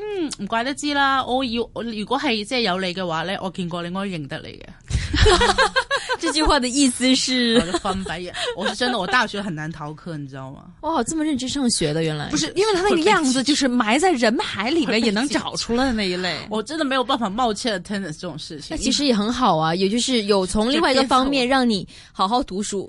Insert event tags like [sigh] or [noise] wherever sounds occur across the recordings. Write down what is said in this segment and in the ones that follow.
嗯，唔怪得知啦。我要如果係即係有你嘅話呢，我見過你，我認得你嘅。 [laughs] 啊、 [laughs] 這句話的意思是，我的翻白眼。我是真的，我大學很難逃課，你知道嗎？哇，這麼認真上學的原來，不是因為他那個樣子，就是埋在人海裏面也能找出來的那一類。 [laughs] 我真的沒有辦法冒欠 tennis 這種事情。為那其實也很好啊，也就是有從另外一個方面讓你好好讀書。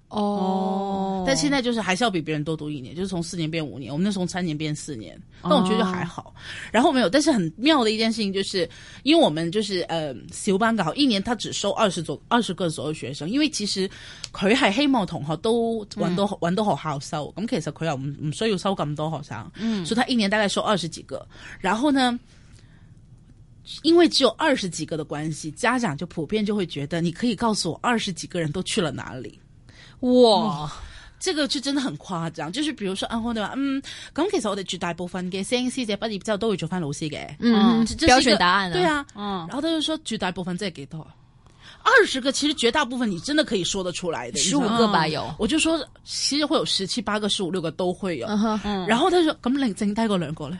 哦，oh，但現在就是還是要比別人多讀一年，就是從四年變五年。我們那時候三年變四年，但我覺得就還好。Oh. 然後沒有，但是很妙的一件事情就是，因為我們就是呃小班搞，一年他只收二十左二十個左右學生，因為其實葵海黑帽筒哈都玩都、嗯、玩都好玩多好收，咁其實我們唔唔需要收咁多學生，嗯，嗯所以他一年大概收二十幾個。然後呢，因為只有二十幾個的關係，家長就普遍就會覺得你可以告訴我二十幾個人都去了哪裏。哇！即係、這個、就真的很誇張，就是比如說啊，我哋話嗯咁，其實我哋絕大部分嘅新師姐畢業之後都會做翻老師嘅，嗯，標準答案啊，對啊，嗯，然後他就說絕大部分即係幾多？二十個，其實絕大部分你真的可以說得出來的，十五個吧有，我就說其實會有十七八個、十五六個都會有，嗯哼，嗯然後他就說咁另剩低嗰兩個呢？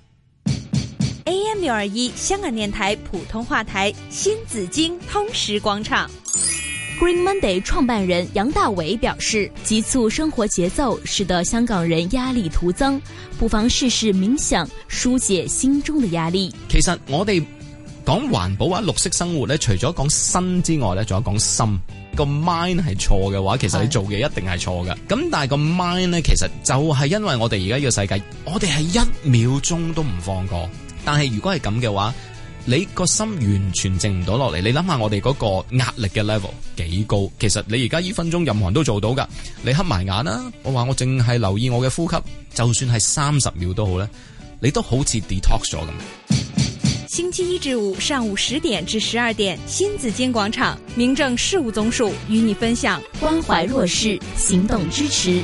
A.M. 六二一，香港電台普通話台新紫荊通識廣場。Green Monday 創辦人楊大偉表示，急促生活節奏使得香港人壓力徒增，不妨試試冥想，疏解心中的壓力。其實我哋講環保或，綠色生活咧，除咗講身之外咧，仲有講心。個 mind 係錯嘅話，其實你做嘅一定係錯㗎。咁的但係個 mind 咧，其實就係因為我哋而家呢個世界，我哋係一秒鐘都唔放過。.但係如果係咁嘅話，你個心完全靜唔到落嚟。你諗下我哋嗰個壓力嘅 level 幾高？其實你而家呢分鐘任何人都做到噶，你黑埋眼啦。我話我淨係留意我嘅呼吸，就算係三十秒都好咧，你都好似 detox 咗咁。星期一至五上午十點至十二點，新紫金廣場民政事務總署與你分享關懷弱勢行動支持。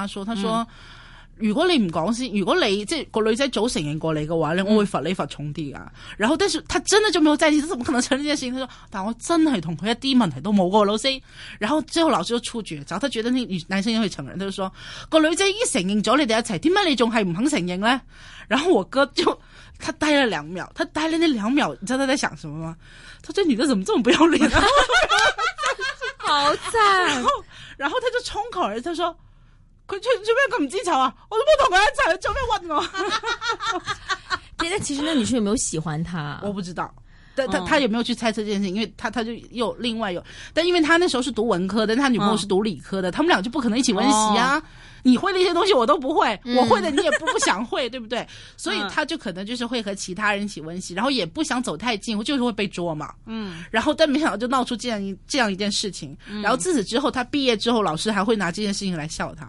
他說：他說、嗯、如果你唔講先，如果你即係個女仔早承認過你嘅話咧，我會罰你罰重啲噶。嗯、然後，但是他真的就沒有在意次，怎麼可能做呢件事情？他說：但我真係同佢一啲問題都冇噶，老師。然後之後老師就出，然後他覺得呢個男生已經承認，他就說：嗯、個女仔已經承認咗你哋一齊，點解你仲係唔肯承認咧？然後我哥就，他呆了兩秒，他呆了呢兩秒，你知道他在想什麼嗎？他說：這女仔怎麼這麼不要臉？啊好慘。然後，然後他就衝口而出，他說。佢出出咩咁唔知醜啊！我都冇同佢一齊，做咩搵我？那那 [laughs] 其實那女生有沒有喜歡他？ [laughs] 我不知道。但他、嗯、他有沒有去猜測這件事情？因為他他就又另外有，但因為他那時候是讀文科的，但他女朋友是讀理科的，嗯、他們倆就不可能一起溫習啊！哦、你會的一些東西我都不會，嗯、我會的你也不不想會，對不對？所以他就可能就是會和其他人一起溫習，然後也不想走太近，我就是會被捉嘛。嗯。然後但沒想到就鬧出這樣一這樣一件事情，然後自此之後，他畢業之後，老師還會拿這件事情來笑他。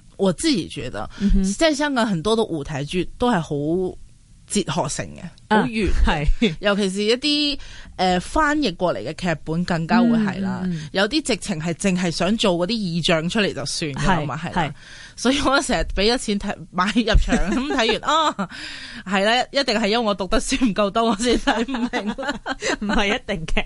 我自己覺得，嗯、哼即係香港很多的舞台劇都係好哲學性嘅，好遠係，是尤其是一啲誒、呃、翻譯過嚟嘅劇本更加會係啦。嗯嗯、有啲直情係淨係想做嗰啲意象出嚟就算噶嘛，係是啦。是所以我成日俾咗錢睇買入場咁睇完， [laughs] 哦，係啦，一定係因為我讀得書唔夠多，我先睇唔明啦，唔係 [laughs] 一定嘅。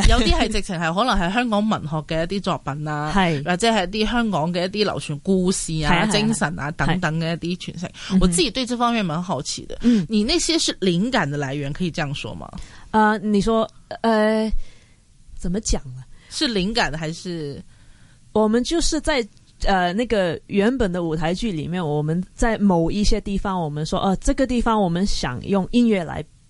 [laughs] 有啲係直情係可能係香港文學嘅一啲作品啊， [laughs] 或者係一啲香港嘅一啲流傳故事啊、 [noise] 精神啊等等嘅一啲傳承。我自己對這方面蠻好奇的。嗯， [noise] 你那些是靈感的來源，可以這樣說嗎？啊、呃，你說，誒、呃，怎麼講啊？是靈感的，還是我們就是在呃那個原本的舞台劇裏面，我們在某一些地方，我們說，啊、呃、這個地方我們想用音樂來。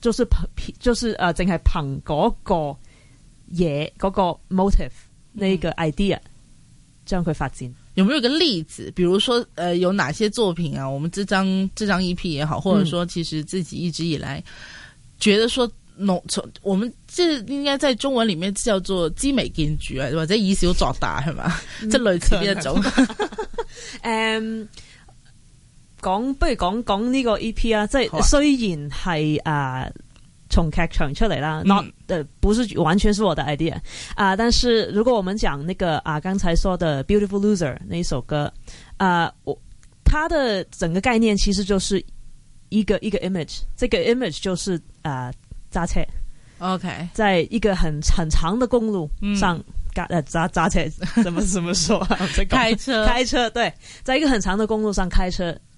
就是憑，就是誒，淨係憑嗰個嘢，嗰、那個 motive 呢個 idea 將佢發展，有沒有一個例子？比如說，呃有哪些作品啊？我們這張這張 EP 也好，或者說，其實自己一直以來覺得說，從、嗯、我們這應該在中文裏面叫做知微見著啊，或者以小作大係嘛，即係、 [laughs] 嗯、 [laughs] 類似呢一種誒。 [laughs] um, 講不如講講呢個 E P 啊，即係、啊、雖然係啊從劇場出嚟啦，那誒、嗯呃、不是完全是我的 idea 啊、呃，但是如果我們講那個啊剛、呃、才說的 Beautiful Loser 那一首歌啊，我、呃、它的整個概念其實就是一個一個 image，這個 image 就是啊揸、呃、車，OK，在一個很很長的公路上，揸揸、呃、車，怎麼怎麼說？ [laughs] 開車，開車，對，在一個很長的公路上開車。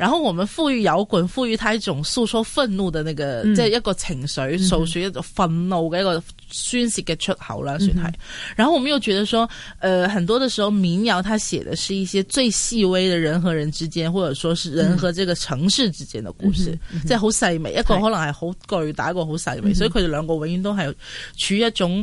然後我們賦予搖滾賦予他一種訴說憤怒的那個，即係、嗯、一個情緒，訴說、嗯、哼一種憤怒嘅一個宣洩嘅出口啦，算係、嗯哼。然後我們又覺得說，誒、呃，很多的時候民謠，他寫的是一些最細微的人和人之間，或者說是人和這個城市之間的故事，即係好細微。嗯、哼一個可能係好巨大，嗯、哼一個好細微。是所以佢哋兩個永遠都係處於一種。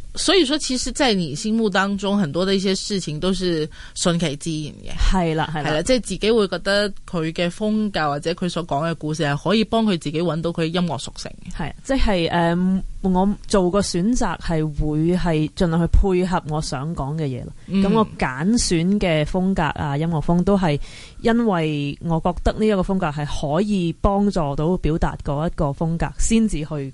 所以說，其實，在你心目當中，很多的一些事情都是順其自然嘅。係啦，係啦，即係、就是、自己會覺得佢嘅風格或者佢所講嘅故事係可以幫佢自己揾到佢音樂屬性。係，即係誒、呃，我做個選擇係會係盡量去配合我想講嘅嘢咯。咁我揀選嘅風格、嗯、啊，音樂風都係因為我覺得呢一個風格係可以幫助到表達嗰一個風格，先至去。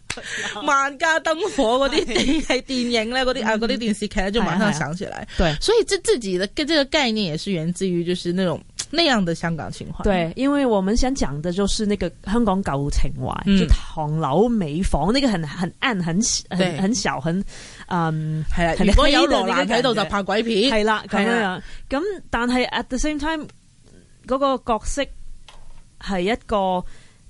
萬家燈火嗰啲地係電影咧，嗰啲啊啲電視劇咧就馬上想起來。對，所以這自己的這個概念也是源自於，就是那種那樣的香港情懷。對，因為我們想講的就是那個香港舊情懷，嗯、就唐樓美房，那個很很暗、很很很小、很嗯係啦。如果有羅蘭喺度就拍鬼片，係啦咁樣樣。咁啦啦但係 at the same time 嗰個角色係一個。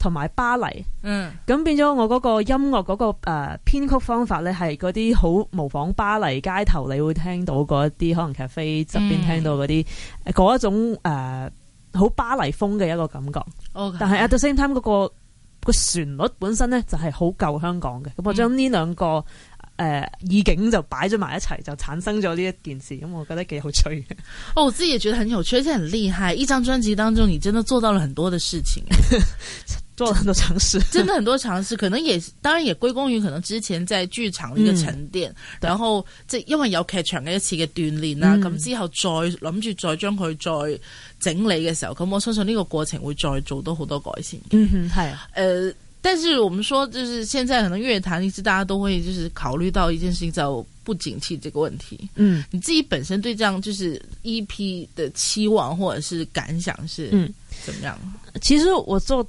同埋巴黎，嗯，咁變咗我嗰個音樂嗰個誒編曲方法咧，係嗰啲好模仿巴黎街頭你會聽到嗰啲可能 cafe 側邊聽到嗰啲嗰一種誒好巴黎風嘅一個感覺。Okay. 但係 At the same time 嗰個、嗰個旋律本身咧就係好舊香港嘅，咁我將呢兩個誒意境就擺咗埋一齊，就產生咗呢一件事。咁我覺得幾有趣。哦，我自己也覺得很有趣，而且很厲害。一張專輯當中，你真的做到了很多的事情。 [laughs] 做了很多嘗試， [laughs] 真的很多嘗試，可能也當然也歸功於可能之前在劇場的一個沉澱，嗯、然後這因為有劇場嘅一次嘅鍛煉啦，咁、嗯、之後再諗住再將佢再整理嘅時候，咁我相信呢個過程會再做多好多改善。嗯哼，係啊、呃，但是我們說，就是現在可能樂壇一直大家都會就是考慮到一件事情叫不景氣這個問題。嗯，你自己本身對這樣就是 EP 的期望或者是感想是怎嗯怎麼樣？其實我做。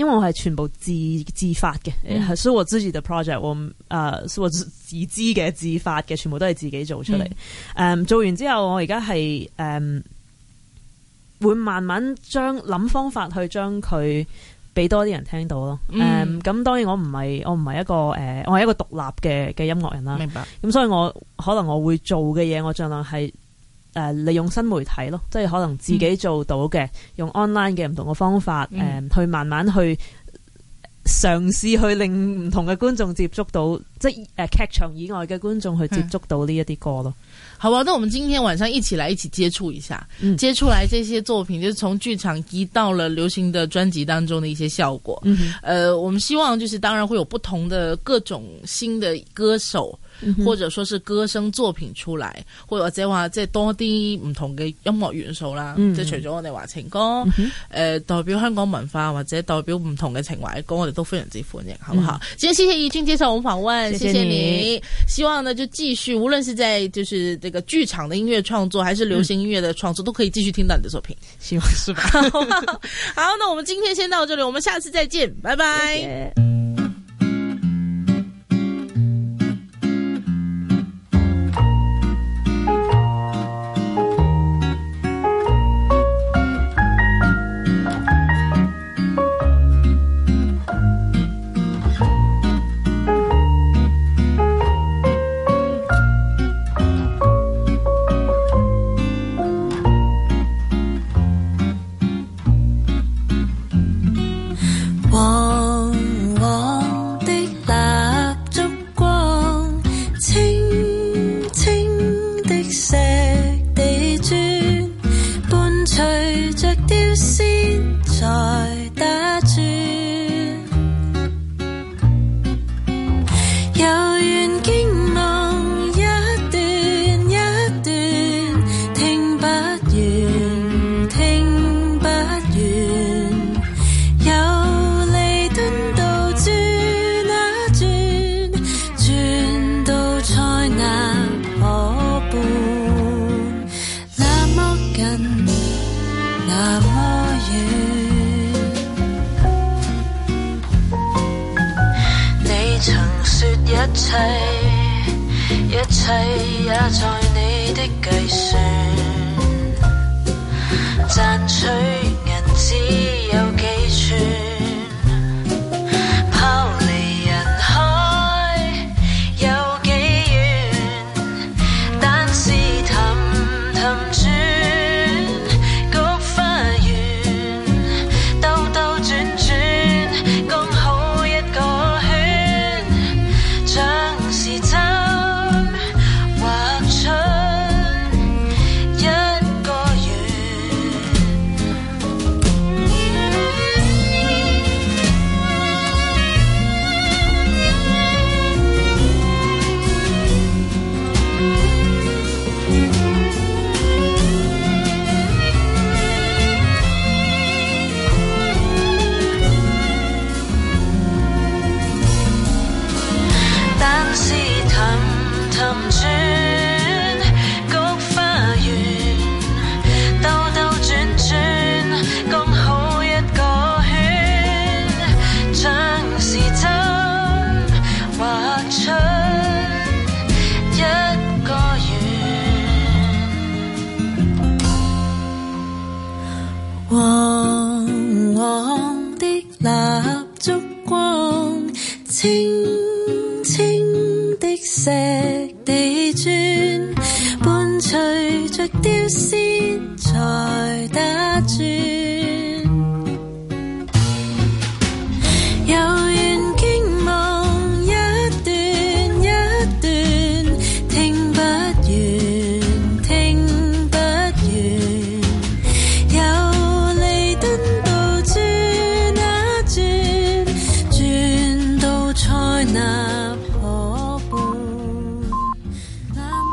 因為我係全部自自發嘅、嗯呃，所以我自己個 project，我誒，所以我自知嘅自發嘅，全部都係自己做出嚟。誒、嗯，um, 做完之後，我而家係誒，um, 會慢慢將諗方法去將佢俾多啲人聽到咯。誒、嗯，咁、um, 當然我唔係我唔係一個誒，uh, 我係一個獨立嘅嘅音樂人啦。明白。咁所以我可能我會做嘅嘢，我盡量係。誒、呃，利用新媒體咯，即係可能自己做到嘅，嗯、用 online 嘅唔同嘅方法，誒、呃，嗯、去慢慢去嘗試去令唔同嘅觀眾接觸到，即係誒劇場以外嘅觀眾去接觸到呢一啲歌咯。好啊，那我們今天晚上一起來一起接觸一下，嗯、接觸來這些作品，就從、是、劇場移到了流行的專輯當中的一些效果。誒、嗯呃，我們希望就是當然會有不同的各種新的歌手。或者說是歌聲作品出來，嗯、哼或者或者話即係多啲唔同嘅音樂元素啦，即係除咗我哋話情歌，誒、嗯哼呃，代表香港文化或者代表唔同嘅情懷嘅歌，我哋都非常之歡迎，好唔好？今天，嗯、謝謝怡君接受我們訪問，謝謝你，謝謝你希望呢就繼續，無論是在就是這個劇場的音樂創作，還是流行音樂的創作，嗯、都可以繼續聽到你的作品，希望是吧， [laughs] 好吧？好，那我們今天先到這裏，我們下次再見，拜拜。Yeah.